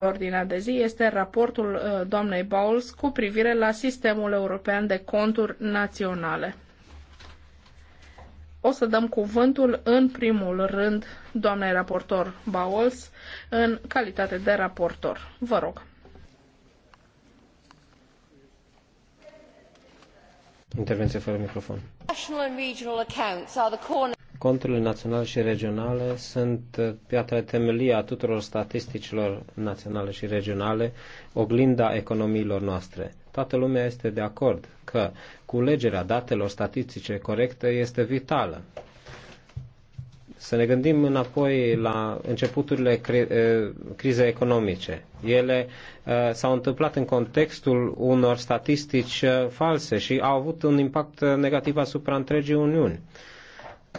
ordinea de zi este raportul uh, doamnei Bowles cu privire la sistemul european de conturi naționale. O să dăm cuvântul în primul rând doamnei raportor Bowles în calitate de raportor. Vă rog. Intervenție fără microfon. National and regional accounts are the corner Conturile naționale și regionale sunt piatra uh, temelie a tuturor statisticilor naționale și regionale, oglinda economiilor noastre. Toată lumea este de acord că culegerea datelor statistice corecte este vitală. Să ne gândim înapoi la începuturile cri uh, crizei economice. Ele uh, s-au întâmplat în contextul unor statistici uh, false și au avut un impact negativ asupra întregii Uniuni. Uh,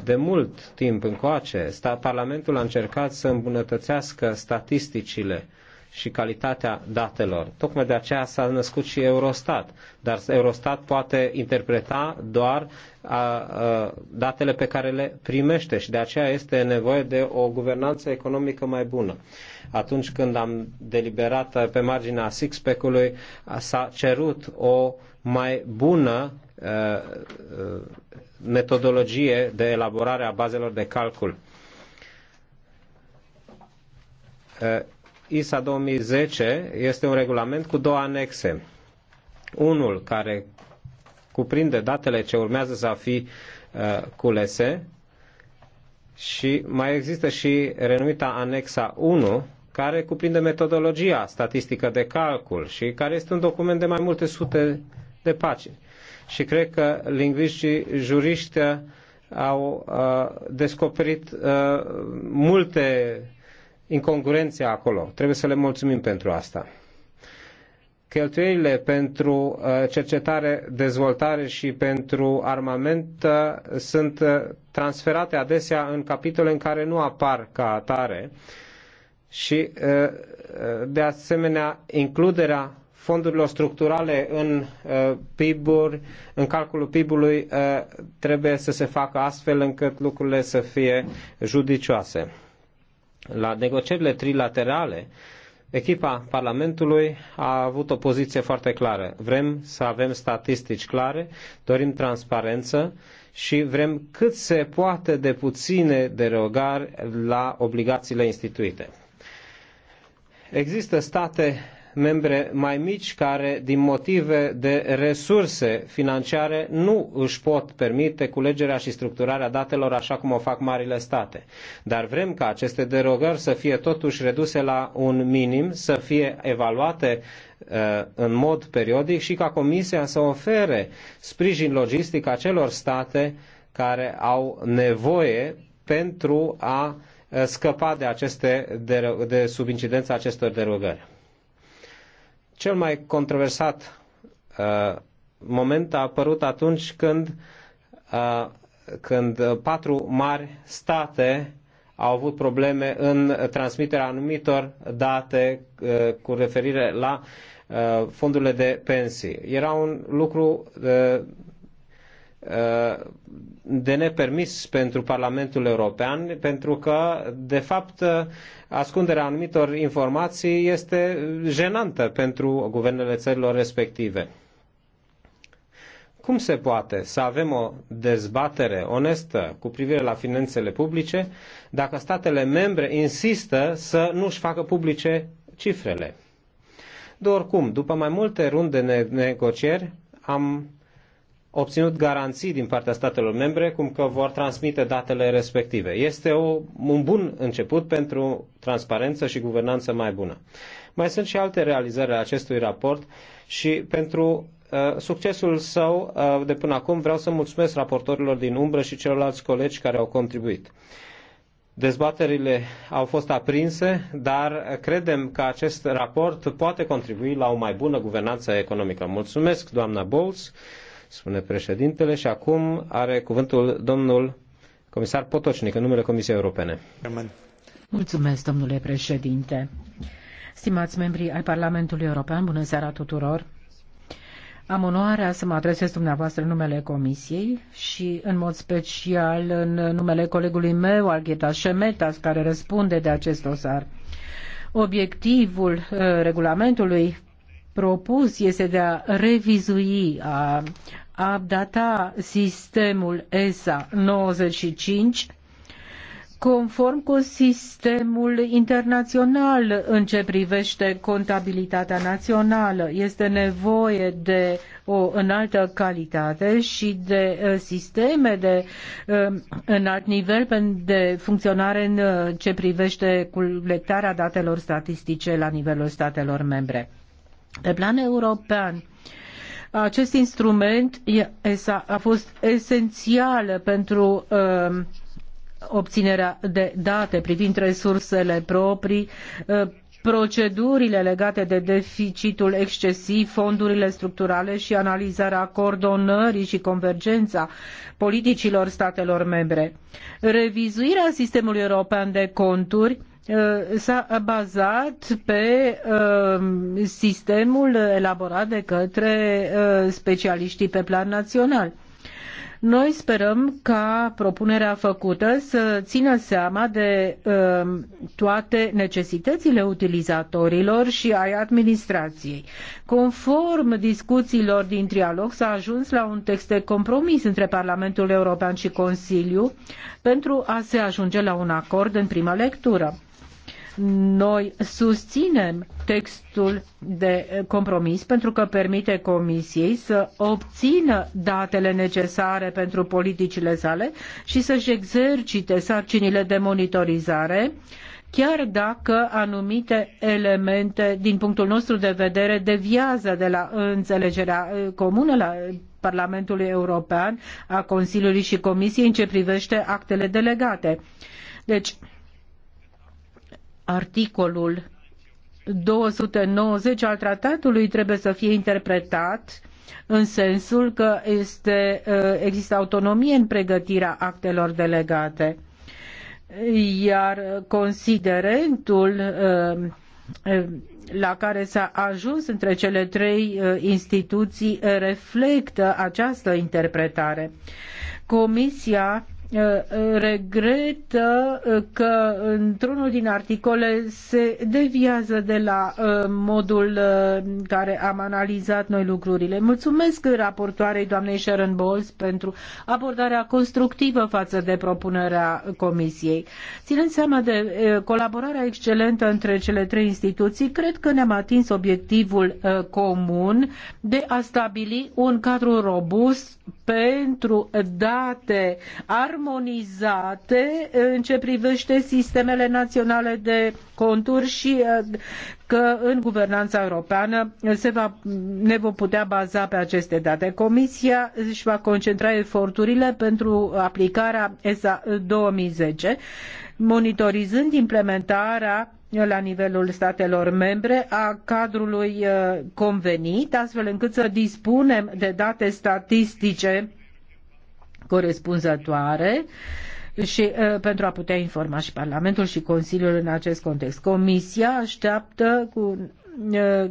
de mult timp încoace, sta Parlamentul a încercat să îmbunătățească statisticile și calitatea datelor. Tocmai de aceea s-a născut și Eurostat, dar Eurostat poate interpreta doar a, a, datele pe care le primește și de aceea este nevoie de o guvernanță economică mai bună. Atunci când am deliberat pe marginea six ului s-a cerut o mai bună metodologie de elaborare a bazelor de calcul. ISA 2010 este un regulament cu două anexe. Unul care cuprinde datele ce urmează să fi uh, culese și mai există și renumita anexa 1 care cuprinde metodologia statistică de calcul și care este un document de mai multe sute de pagini și cred că lingviștii, juriști au uh, descoperit uh, multe incongruențe acolo. Trebuie să le mulțumim pentru asta. Cheltuielile pentru uh, cercetare, dezvoltare și pentru armament uh, sunt uh, transferate adesea în capitole în care nu apar ca atare și, de asemenea, includerea fondurilor structurale în uh, PIB-uri, în calculul PIB-ului, uh, trebuie să se facă astfel încât lucrurile să fie judicioase. La negocierile trilaterale, echipa Parlamentului a avut o poziție foarte clară. Vrem să avem statistici clare, dorim transparență și vrem cât se poate de puține derogări la obligațiile instituite. Există state membre mai mici care, din motive de resurse financiare, nu își pot permite culegerea și structurarea datelor așa cum o fac marile state. Dar vrem ca aceste derogări să fie totuși reduse la un minim, să fie evaluate uh, în mod periodic și ca Comisia să ofere sprijin logistic acelor state care au nevoie pentru a uh, scăpa de, aceste, de, de sub incidența acestor derogări. Cel mai controversat uh, moment a apărut atunci când, uh, când patru mari state au avut probleme în transmiterea anumitor date uh, cu referire la uh, fondurile de pensii. Era un lucru uh, Uh, de nepermis pentru Parlamentul European, pentru că, de fapt, ascunderea anumitor informații este jenantă pentru guvernele țărilor respective. Cum se poate să avem o dezbatere onestă cu privire la finanțele publice dacă statele membre insistă să nu-și facă publice cifrele? De oricum, după mai multe runde de negocieri, am obținut garanții din partea statelor membre cum că vor transmite datele respective. Este o, un bun început pentru transparență și guvernanță mai bună. Mai sunt și alte realizări ale acestui raport și pentru uh, succesul său uh, de până acum vreau să mulțumesc raportorilor din umbră și celorlalți colegi care au contribuit. Dezbaterile au fost aprinse, dar credem că acest raport poate contribui la o mai bună guvernanță economică. Mulțumesc, doamna Bowles spune președintele. Și acum are cuvântul domnul comisar Potocnic în numele Comisiei Europene. Mulțumesc, domnule președinte. Stimați membri ai Parlamentului European, bună seara tuturor! Am onoarea să mă adresez dumneavoastră în numele Comisiei și în mod special în numele colegului meu, Algheta Șemetas, care răspunde de acest dosar. Obiectivul uh, regulamentului propus este de a revizui, a updata sistemul ESA 95 conform cu sistemul internațional în ce privește contabilitatea națională. Este nevoie de o înaltă calitate și de uh, sisteme de um, înalt nivel de funcționare în uh, ce privește colectarea datelor statistice la nivelul statelor membre. Pe plan european, acest instrument a fost esențial pentru um, obținerea de date privind resursele proprii, uh, procedurile legate de deficitul excesiv, fondurile structurale și analizarea coordonării și convergența politicilor statelor membre. Revizuirea sistemului european de conturi Uh, s-a bazat pe uh, sistemul elaborat de către uh, specialiștii pe plan național. Noi sperăm ca propunerea făcută să țină seama de toate necesitățile utilizatorilor și ai administrației. Conform discuțiilor din trialog s-a ajuns la un text de compromis între Parlamentul European și Consiliu pentru a se ajunge la un acord în prima lectură noi susținem textul de compromis pentru că permite Comisiei să obțină datele necesare pentru politicile sale și să-și exercite sarcinile de monitorizare, chiar dacă anumite elemente, din punctul nostru de vedere, deviază de la înțelegerea comună la Parlamentului European, a Consiliului și Comisiei în ce privește actele delegate. Deci, articolul 290 al tratatului trebuie să fie interpretat în sensul că este, uh, există autonomie în pregătirea actelor delegate. Iar considerentul uh, uh, la care s-a ajuns între cele trei instituții reflectă această interpretare. Comisia Uh, regretă uh, că într-unul din articole se deviază de la uh, modul care am analizat noi lucrurile. Mulțumesc raportoarei doamnei Sharon Bowles pentru abordarea constructivă față de propunerea Comisiei. Ținând seama de colaborarea excelentă între cele trei instituții, cred că ne-am atins obiectivul comun de a stabili un cadru robust pentru date ar armonizate în ce privește sistemele naționale de conturi și uh, că în guvernanța europeană se va, ne vom putea baza pe aceste date. Comisia își va concentra eforturile pentru aplicarea ESA 2010, monitorizând implementarea la nivelul statelor membre a cadrului uh, convenit, astfel încât să dispunem de date statistice corespunzătoare și uh, pentru a putea informa și Parlamentul și Consiliul în acest context. Comisia așteaptă cu uh,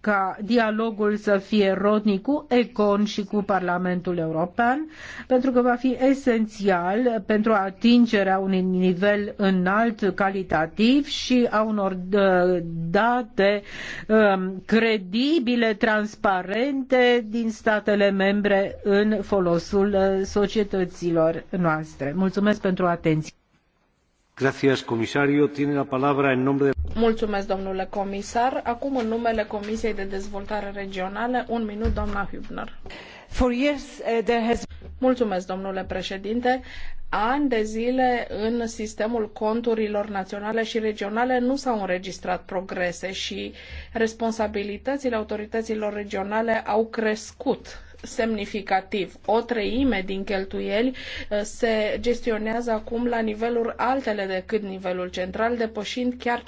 ca dialogul să fie rodnic cu ECON și cu Parlamentul European, pentru că va fi esențial pentru atingerea unui nivel înalt calitativ și a unor uh, date um, credibile, transparente din statele membre în folosul uh, societăților noastre. Mulțumesc pentru atenție. Mulțumesc, domnule comisar. Acum, în numele Comisiei de Dezvoltare Regională, un minut, doamna Hübner. For years, uh, there has... Mulțumesc, domnule președinte ani de zile în sistemul conturilor naționale și regionale nu s-au înregistrat progrese și responsabilitățile autorităților regionale au crescut semnificativ. O treime din cheltuieli uh, se gestionează acum la niveluri altele decât nivelul central, depășind chiar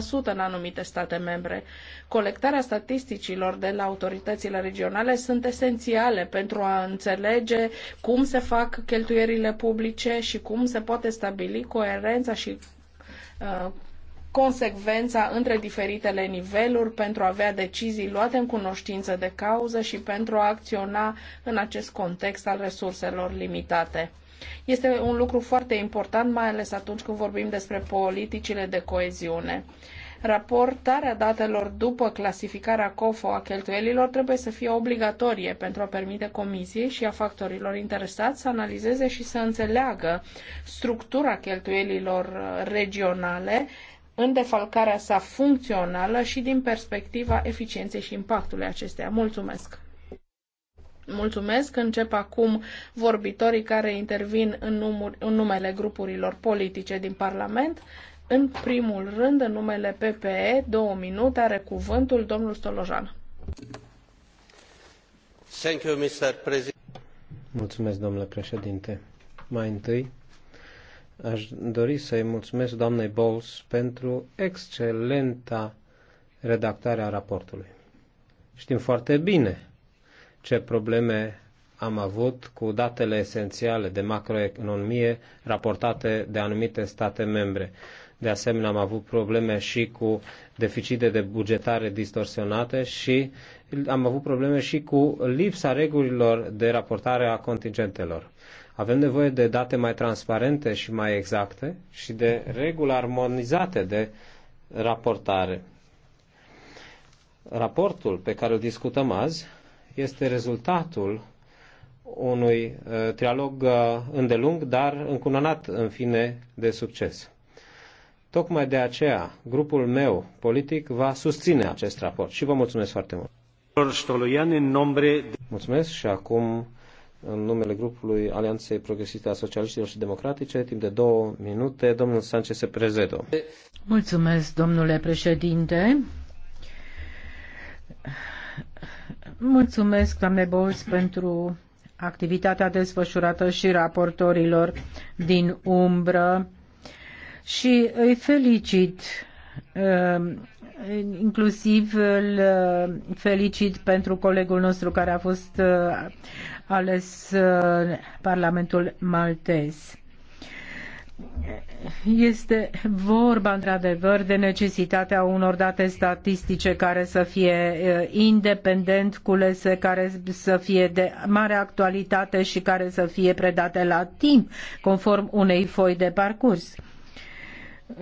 50% în anumite state membre. Colectarea statisticilor de la autoritățile regionale sunt esențiale pentru a înțelege cum se fac cheltuierile publice și cum se poate stabili coerența și uh, consecvența între diferitele niveluri pentru a avea decizii luate în cunoștință de cauză și pentru a acționa în acest context al resurselor limitate. Este un lucru foarte important, mai ales atunci când vorbim despre politicile de coeziune. Raportarea datelor după clasificarea COFO a cheltuielilor trebuie să fie obligatorie pentru a permite comisiei și a factorilor interesați să analizeze și să înțeleagă structura cheltuielilor regionale în defalcarea sa funcțională și din perspectiva eficienței și impactului acesteia. Mulțumesc! Mulțumesc! Încep acum vorbitorii care intervin în, numur, în numele grupurilor politice din Parlament. În primul rând, în numele PPE, două minute, are cuvântul domnul Stolojan. Thank you, Mr. President. Mulțumesc, domnule președinte. Mai întâi, Aș dori să-i mulțumesc doamnei Bowles pentru excelenta redactare a raportului. Știm foarte bine ce probleme am avut cu datele esențiale de macroeconomie raportate de anumite state membre. De asemenea, am avut probleme și cu deficite de bugetare distorsionate și am avut probleme și cu lipsa regulilor de raportare a contingentelor. Avem nevoie de date mai transparente și mai exacte și de reguli armonizate de raportare. Raportul pe care îl discutăm azi este rezultatul unui uh, trialog uh, îndelung, dar încununat în fine de succes. Tocmai de aceea, grupul meu politic va susține acest raport și vă mulțumesc foarte mult. în Mulțumesc și acum în numele grupului Alianței Progresiste a Socialiștilor și Democratice, timp de două minute, domnul Sanchez Prezedo. Mulțumesc, domnule președinte. Mulțumesc, doamne Bols, pentru activitatea desfășurată și raportorilor din umbră și îi felicit uh, inclusiv îl uh, felicit pentru colegul nostru care a fost uh, ales uh, Parlamentul maltez. Este vorba, într-adevăr, de necesitatea unor date statistice care să fie uh, independent culese, care să fie de mare actualitate și care să fie predate la timp, conform unei foi de parcurs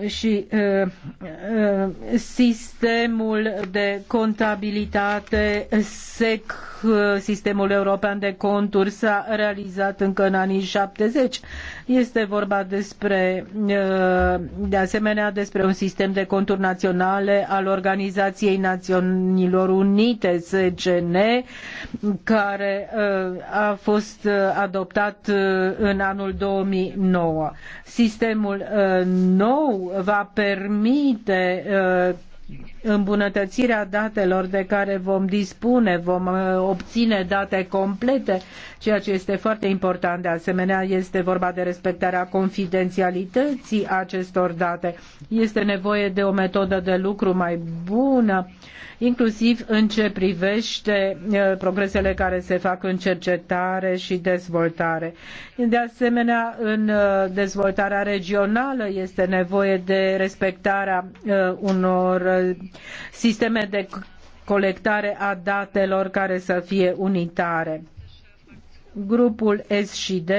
și uh, uh, sistemul de contabilitate SEC Uh, sistemul european de conturi s-a realizat încă în anii 70. Este vorba despre, uh, de asemenea despre un sistem de conturi naționale al Organizației Națiunilor Unite, SCN, care uh, a fost adoptat în anul 2009. Sistemul nou va permite îmbunătățirea datelor de care vom dispune, vom uh, obține date complete, ceea ce este foarte important. De asemenea, este vorba de respectarea confidențialității acestor date. Este nevoie de o metodă de lucru mai bună, inclusiv în ce privește uh, progresele care se fac în cercetare și dezvoltare. De asemenea, în uh, dezvoltarea regională este nevoie de respectarea unor sisteme de colectare a datelor care să fie unitare. Grupul S și D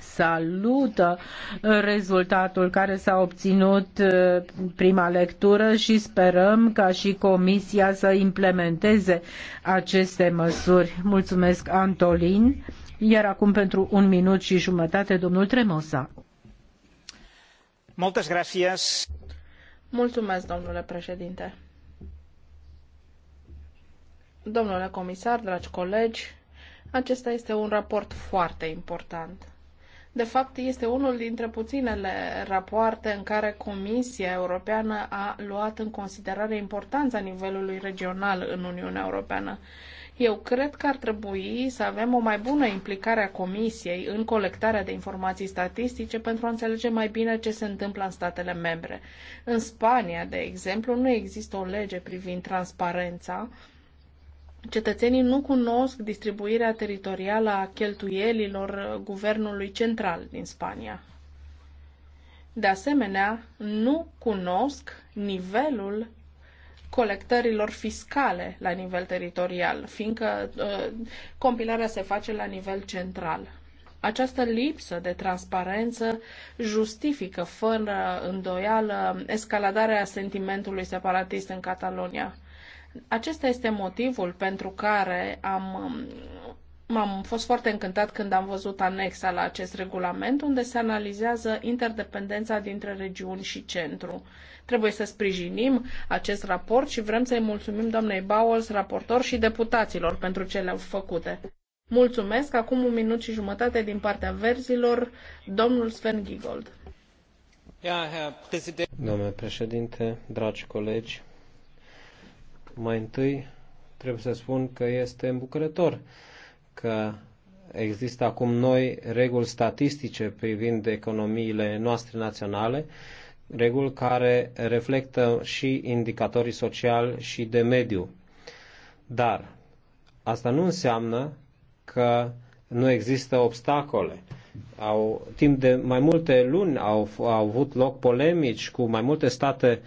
salută rezultatul care s-a obținut uh, prima lectură și sperăm ca și Comisia să implementeze aceste măsuri. Mulțumesc, Antolin. Iar acum pentru un minut și jumătate, domnul Tremosa. Mulțumesc. Mulțumesc, domnule președinte. Domnule comisar, dragi colegi, acesta este un raport foarte important. De fapt, este unul dintre puținele rapoarte în care Comisia Europeană a luat în considerare importanța nivelului regional în Uniunea Europeană. Eu cred că ar trebui să avem o mai bună implicare a Comisiei în colectarea de informații statistice pentru a înțelege mai bine ce se întâmplă în statele membre. În Spania, de exemplu, nu există o lege privind transparența, Cetățenii nu cunosc distribuirea teritorială a cheltuielilor guvernului central din Spania. De asemenea, nu cunosc nivelul colectărilor fiscale la nivel teritorial, fiindcă uh, compilarea se face la nivel central. Această lipsă de transparență justifică fără îndoială escaladarea sentimentului separatist în Catalonia. Acesta este motivul pentru care am M-am fost foarte încântat când am văzut anexa la acest regulament, unde se analizează interdependența dintre regiuni și centru. Trebuie să sprijinim acest raport și vrem să-i mulțumim doamnei Bowles, raportor și deputaților pentru cele făcute. Mulțumesc. Acum un minut și jumătate din partea verzilor, domnul Sven Giegold. Domnule președinte, dragi colegi, mai întâi trebuie să spun că este îmbucurător că există acum noi reguli statistice privind economiile noastre naționale reguli care reflectă și indicatorii sociali și de mediu. Dar asta nu înseamnă că nu există obstacole. Au, timp de mai multe luni au, au avut loc polemici cu mai multe state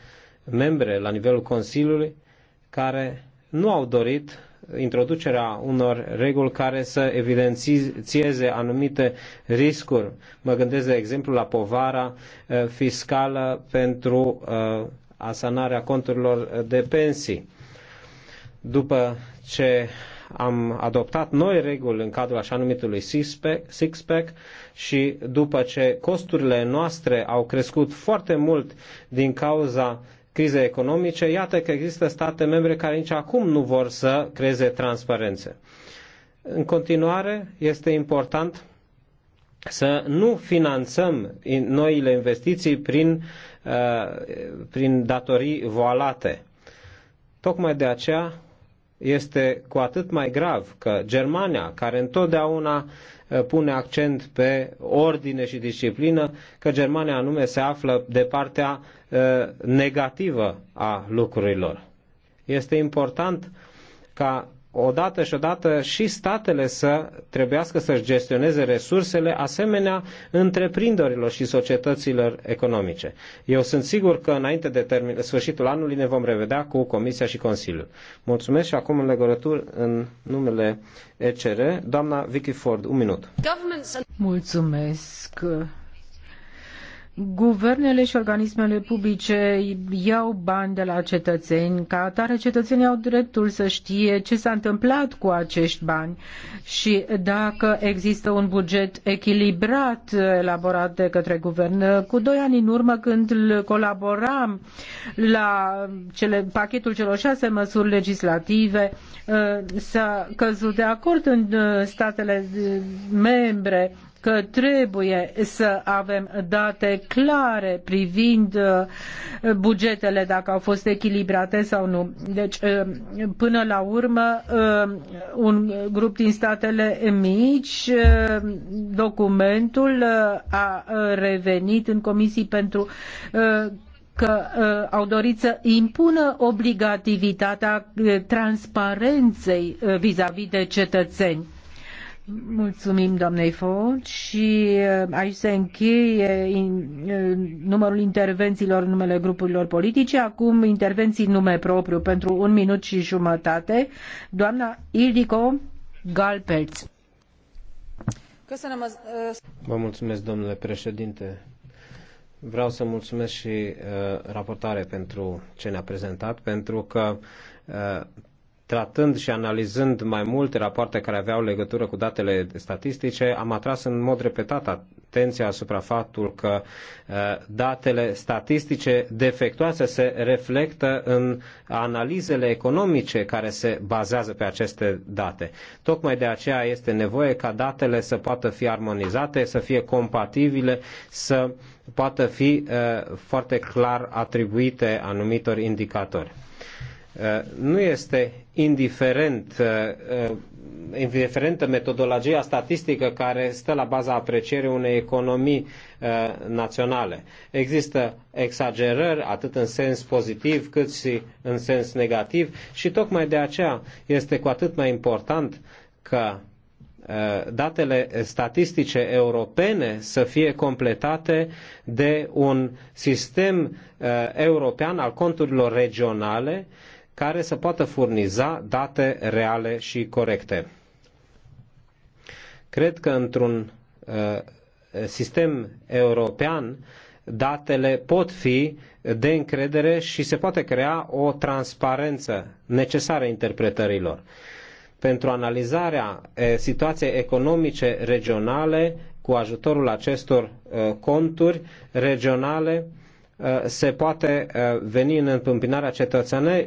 membre la nivelul Consiliului care nu au dorit introducerea unor reguli care să evidențieze anumite riscuri. Mă gândesc, de exemplu, la povara uh, fiscală pentru uh, asanarea conturilor de pensii. După ce am adoptat noi reguli în cadrul așa numitului six-pack și după ce costurile noastre au crescut foarte mult din cauza crize economice, iată că există state membre care nici acum nu vor să creeze transparențe. În continuare, este important să nu finanțăm noile investiții prin, uh, prin datorii voalate. Tocmai de aceea este cu atât mai grav că Germania, care întotdeauna uh, pune accent pe ordine și disciplină, că Germania anume se află de partea Eh, negativă a lucrurilor. Este important ca odată și odată și statele să trebuiască să-și gestioneze resursele asemenea întreprinderilor și societăților economice. Eu sunt sigur că înainte de termin, sfârșitul anului ne vom revedea cu Comisia și Consiliul. Mulțumesc și acum în legătură în numele ECR, doamna Vicky Ford, un minut. Mulțumesc guvernele și organismele publice iau bani de la cetățeni, ca atare cetățenii au dreptul să știe ce s-a întâmplat cu acești bani și dacă există un buget echilibrat eh, elaborat de către guvern. Eh, cu doi ani în urmă, când colaboram la cele, pachetul celor șase măsuri legislative, eh, s-a căzut de acord în statele membre că trebuie să avem date clare privind uh, bugetele, dacă au fost echilibrate sau nu. Deci, uh, până la urmă, uh, un grup din statele mici, documentul a revenit în comisii pentru că au dorit să impună obligativitatea transparenței vis-a-vis -vis de cetățeni Mulțumim, doamnei Fon și uh, aici se încheie uh, numărul intervențiilor în numele grupurilor politice. Acum intervenții nume propriu pentru un minut și jumătate. Doamna Ildico Galpelț. Uh, Vă mulțumesc, domnule președinte. Vreau să mulțumesc și uh, raportare pentru ce ne-a prezentat, pentru că uh, tratând și analizând mai multe rapoarte care aveau legătură cu datele statistice, am atras în mod repetat atenția asupra faptul că uh, datele statistice defectuoase se reflectă în analizele economice care se bazează pe aceste date. Tocmai de aceea este nevoie ca datele să poată fi armonizate, să fie compatibile, să poată fi uh, foarte clar atribuite anumitor indicatori uh, nu este indiferent, uh, uh, indiferentă metodologia statistică care stă la baza aprecierii unei economii uh, naționale. Există exagerări atât în sens pozitiv cât și în sens negativ și tocmai de aceea este cu atât mai important că datele statistice europene să fie completate de un sistem european al conturilor regionale uh, care să poată furniza date reale și corecte. Cred că într-un uh, sistem european datele pot fi de încredere și se poate crea o transparență necesară interpretărilor. Pentru analizarea situației economice regionale, cu ajutorul acestor uh, conturi regionale, Uh, se poate uh, veni în întâmpinarea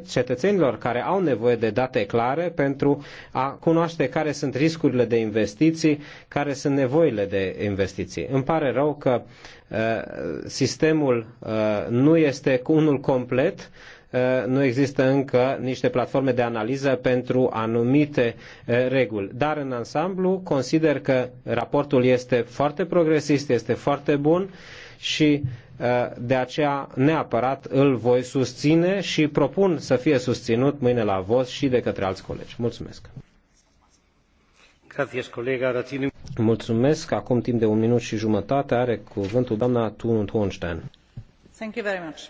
cetățenilor care au nevoie de date clare pentru a cunoaște care sunt riscurile de investiții, care sunt nevoile de investiții. Îmi pare rău că uh, sistemul nu este unul complet, nu există încă niște platforme de analiză pentru anumite reguli. Dar în ansamblu consider că raportul este foarte progresist, este foarte bun și uh, de aceea neapărat îl voi susține și propun să fie susținut mâine la vot și de către alți colegi. Mulțumesc! Mulțumesc. Acum timp de un minut și jumătate are cuvântul doamna Thun Hohenstein. Thank you very much.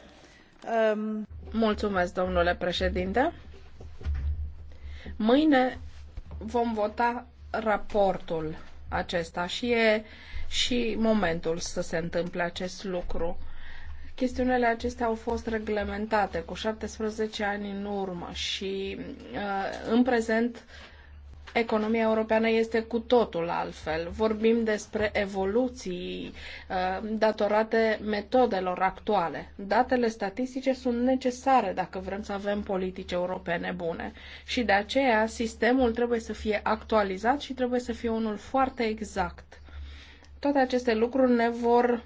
Um... Mulțumesc, domnule președinte. Mâine vom vota raportul acesta și e și momentul să se întâmple acest lucru. Chestiunile acestea au fost reglementate cu 17 ani în urmă și uh, în prezent economia europeană este cu totul altfel. Vorbim despre evoluții uh, datorate metodelor actuale. Datele statistice sunt necesare dacă vrem să avem politici europene bune și de aceea sistemul trebuie să fie actualizat și trebuie să fie unul foarte exact. Toate aceste lucruri ne vor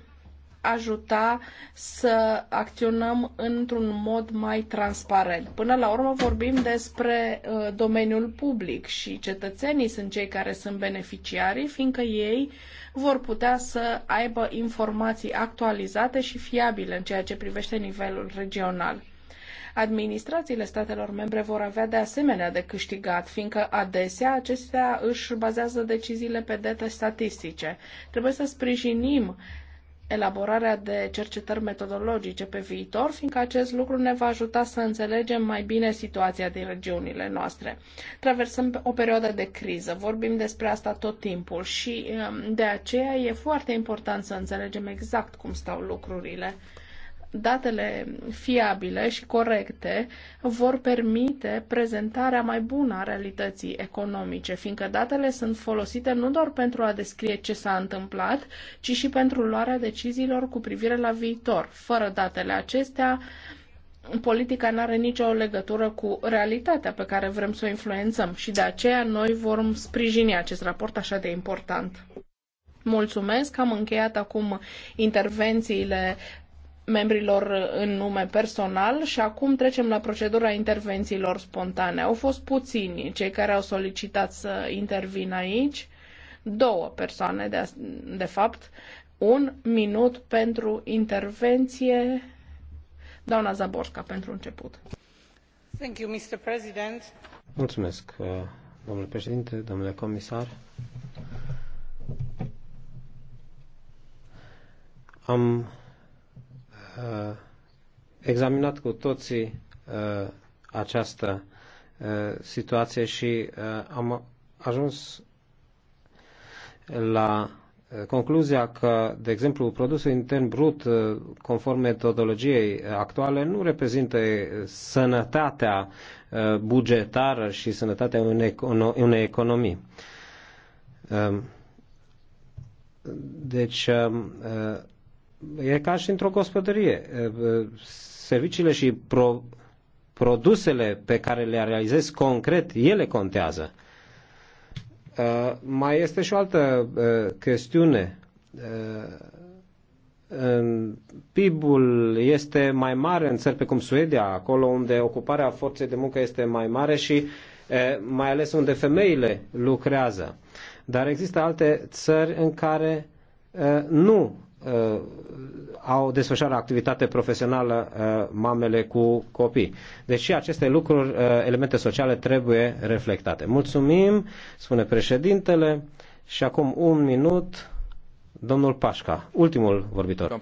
ajuta să acționăm într-un mod mai transparent. Până la urmă vorbim despre uh, domeniul public și cetățenii sunt cei care sunt beneficiarii, fiindcă ei vor putea să aibă informații actualizate și fiabile în ceea ce privește nivelul regional. Administrațiile statelor membre vor avea de asemenea de câștigat, fiindcă adesea acestea își bazează deciziile pe date statistice. Trebuie să sprijinim elaborarea de cercetări metodologice pe viitor, fiindcă acest lucru ne va ajuta să înțelegem mai bine situația din regiunile noastre. Traversăm o perioadă de criză, vorbim despre asta tot timpul și um, de aceea e foarte important să înțelegem exact cum stau lucrurile datele fiabile și corecte vor permite prezentarea mai bună a realității economice, fiindcă datele sunt folosite nu doar pentru a descrie ce s-a întâmplat, ci și pentru luarea deciziilor cu privire la viitor. Fără datele acestea, politica nu are nicio legătură cu realitatea pe care vrem să o influențăm și de aceea noi vom sprijini acest raport așa de important. Mulțumesc, am încheiat acum intervențiile membrilor în nume personal și acum trecem la procedura intervențiilor spontane. Au fost puțini cei care au solicitat să intervin aici, două persoane de, de fapt, un minut pentru intervenție. Doamna Zaborska, pentru început. Thank you, Mr. President. Mulțumesc, uh, domnule președinte, domnule comisar. Am Uh, examinat cu toții uh, această uh, situație și am ajuns la concluzia că, de exemplu, produsul intern brut, conform metodologiei actuale, nu reprezintă sănătatea bugetară și sănătatea unei economii. Um, deci, um, e ca și într-o gospodărie. Serviciile și pro, produsele pe care le realizezi concret, ele contează. Mai este și o altă chestiune. PIB-ul este mai mare în țări pe cum Suedia, acolo unde ocuparea forței de muncă este mai mare și mai ales unde femeile lucrează. Dar există alte țări în care nu Uh, au desfășurat activitate profesională uh, mamele cu copii. Deci și aceste lucruri, uh, elemente sociale, trebuie reflectate. Mulțumim, spune președintele, și acum un minut, domnul Pașca, ultimul vorbitor.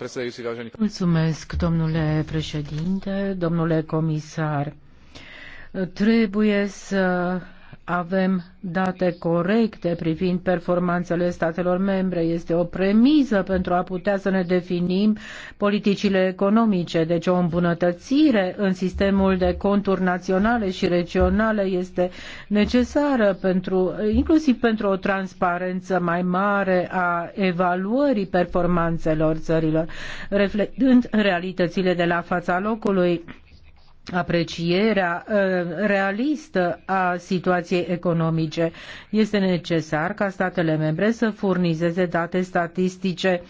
Mulțumesc, domnule președinte, domnule comisar. Trebuie să avem date corecte privind performanțele statelor membre. Este o premiză pentru a putea să ne definim politicile economice. Deci o îmbunătățire în sistemul de conturi naționale și regionale este necesară pentru, inclusiv pentru o transparență mai mare a evaluării performanțelor țărilor, reflectând realitățile de la fața locului aprecierea ă, realistă a situației economice. Este necesar ca statele membre să furnizeze date statistice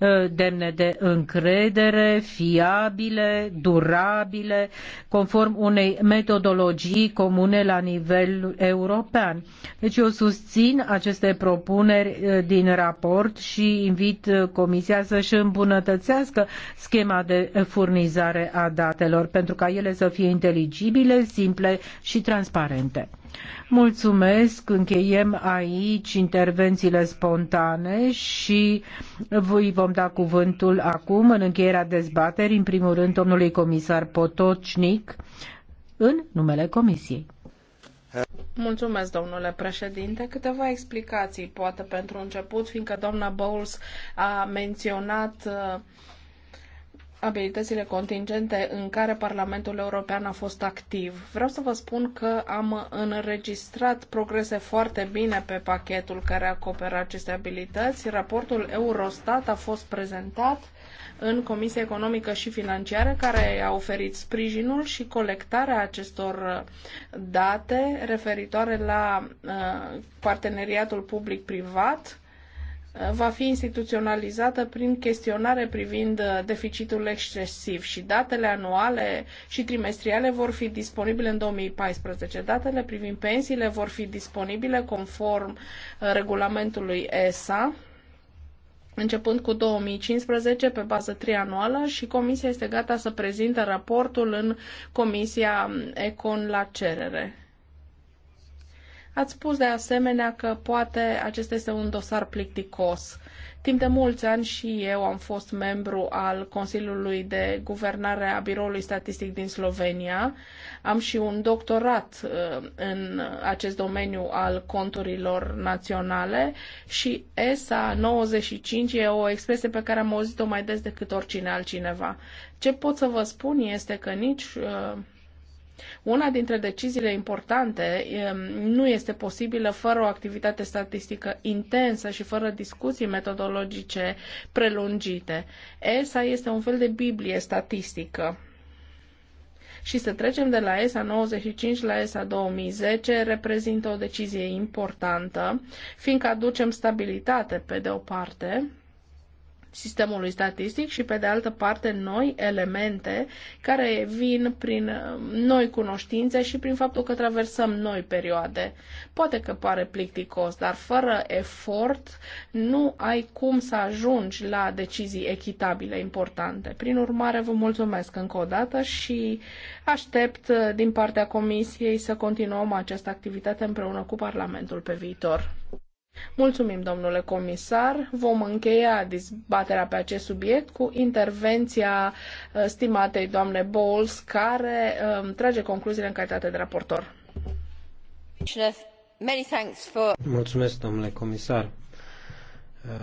Uh, demne de încredere, fiabile, durabile, conform unei metodologii comune la nivel european. Deci eu susțin aceste propuneri uh, din raport și invit uh, Comisia să-și îmbunătățească schema de furnizare a datelor pentru ca ele să fie inteligibile, simple și transparente. Mulțumesc, încheiem aici intervențiile spontane și voi vom da cuvântul acum în încheierea dezbaterii, în primul rând domnului comisar Potocnic, în numele Comisiei. Mulțumesc, domnule președinte. Câteva explicații, poate, pentru început, fiindcă doamna Bowles a menționat uh, abilitățile contingente în care Parlamentul European a fost activ. Vreau să vă spun că am înregistrat progrese foarte bine pe pachetul care acoperă aceste abilități. Raportul Eurostat a fost prezentat în Comisia Economică și Financiară, care a oferit sprijinul și colectarea acestor uh, date referitoare la uh, parteneriatul public-privat va fi instituționalizată prin chestionare privind uh, deficitul excesiv și datele anuale și trimestriale vor fi disponibile în 2014. Datele privind pensiile vor fi disponibile conform uh, regulamentului ESA începând cu 2015 pe bază trianuală și comisia este gata să prezinte raportul în comisia um, Econ la cerere. Ați spus de asemenea că poate acesta este un dosar plicticos. Timp de mulți ani și eu am fost membru al Consiliului de Guvernare a Biroului Statistic din Slovenia. Am și un doctorat uh, în acest domeniu al conturilor naționale și ESA 95 e o expresie pe care am auzit-o mai des decât oricine altcineva. Ce pot să vă spun este că nici uh, una dintre deciziile importante nu este posibilă fără o activitate statistică intensă și fără discuții metodologice prelungite. ESA este un fel de Biblie statistică și să trecem de la ESA 95 la ESA 2010 reprezintă o decizie importantă, fiindcă aducem stabilitate pe de o parte, sistemului statistic și, pe de altă parte, noi elemente care vin prin uh, noi cunoștințe și prin faptul că traversăm noi perioade. Poate că pare plicticos, dar fără efort nu ai cum să ajungi la decizii echitabile importante. Prin urmare, vă mulțumesc încă o dată și aștept uh, din partea Comisiei să continuăm această activitate împreună cu Parlamentul pe viitor. Mulțumim, domnule comisar. Vom încheia dezbaterea pe acest subiect cu intervenția uh, stimatei doamne Bowles, care um, trage concluziile în calitate de raportor. Mulțumesc, domnule comisar. Uh,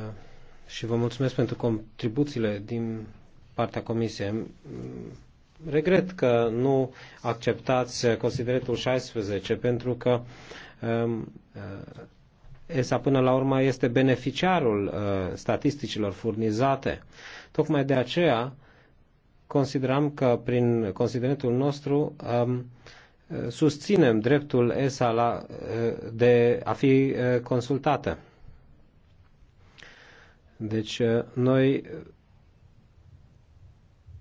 și vă mulțumesc pentru contribuțiile din partea comisiei. Mm, regret că nu acceptați uh, considerentul 16 pentru că um, ESA până la urmă este beneficiarul uh, statisticilor furnizate. Tocmai de aceea considerăm că prin considerentul nostru um, susținem dreptul ESA la, uh, de a fi uh, consultată. Deci noi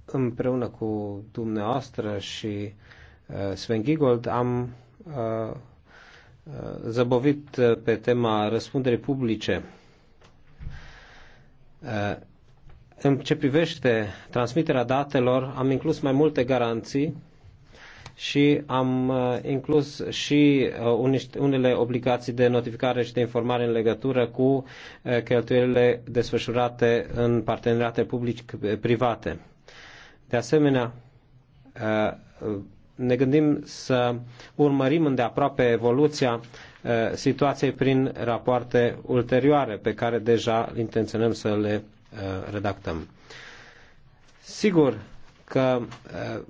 împreună cu dumneavoastră și Sven Giegold am Eh, zăbovit eh, pe tema răspundere publice. Eh, în ce privește transmiterea datelor, am inclus mai multe garanții și am inclus și unele obligații de notificare și de informare în legătură cu cheltuielile desfășurate în parteneriate public-private. De asemenea, ne gândim să urmărim îndeaproape evoluția uh, situației prin rapoarte ulterioare pe care deja intenționăm să le uh, redactăm. Sigur că uh,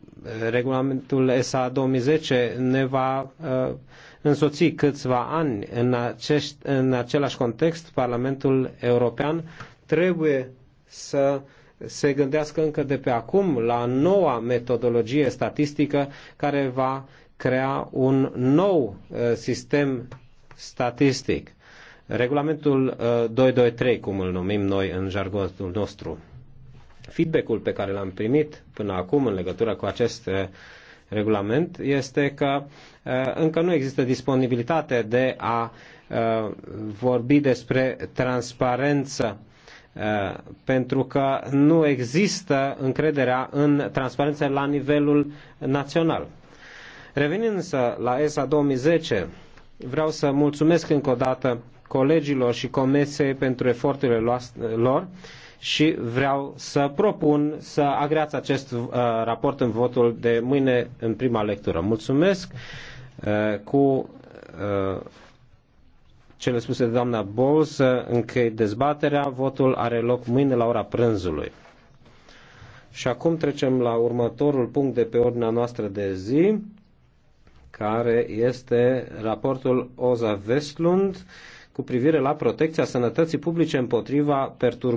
regulamentul SA 2010 ne va însoți câțiva ani în, acești, în același context, Parlamentul European trebuie să se gândească încă de pe acum la noua metodologie statistică care va crea un nou uh, sistem statistic. Regulamentul 223, uh, cum îl numim noi în jargonul nostru. Feedback-ul pe care l-am primit până acum în legătură cu acest uh, regulament este că încă nu există disponibilitate de a vorbi despre transparență Eh, pentru că nu există încrederea în transparență la nivelul național. Revenind însă la ESA 2010, vreau să mulțumesc încă o dată colegilor și comisiei pentru eforturile lor și vreau să propun să agreați acest uh, raport în votul de mâine în prima lectură. Mulțumesc uh, cu uh, cele spuse de doamna Bowles, închei dezbaterea, votul are loc mâine la ora prânzului. Și acum trecem la următorul punct de pe ordinea noastră de zi, care este raportul Oza Vestlund cu privire la protecția sănătății publice împotriva perturbării.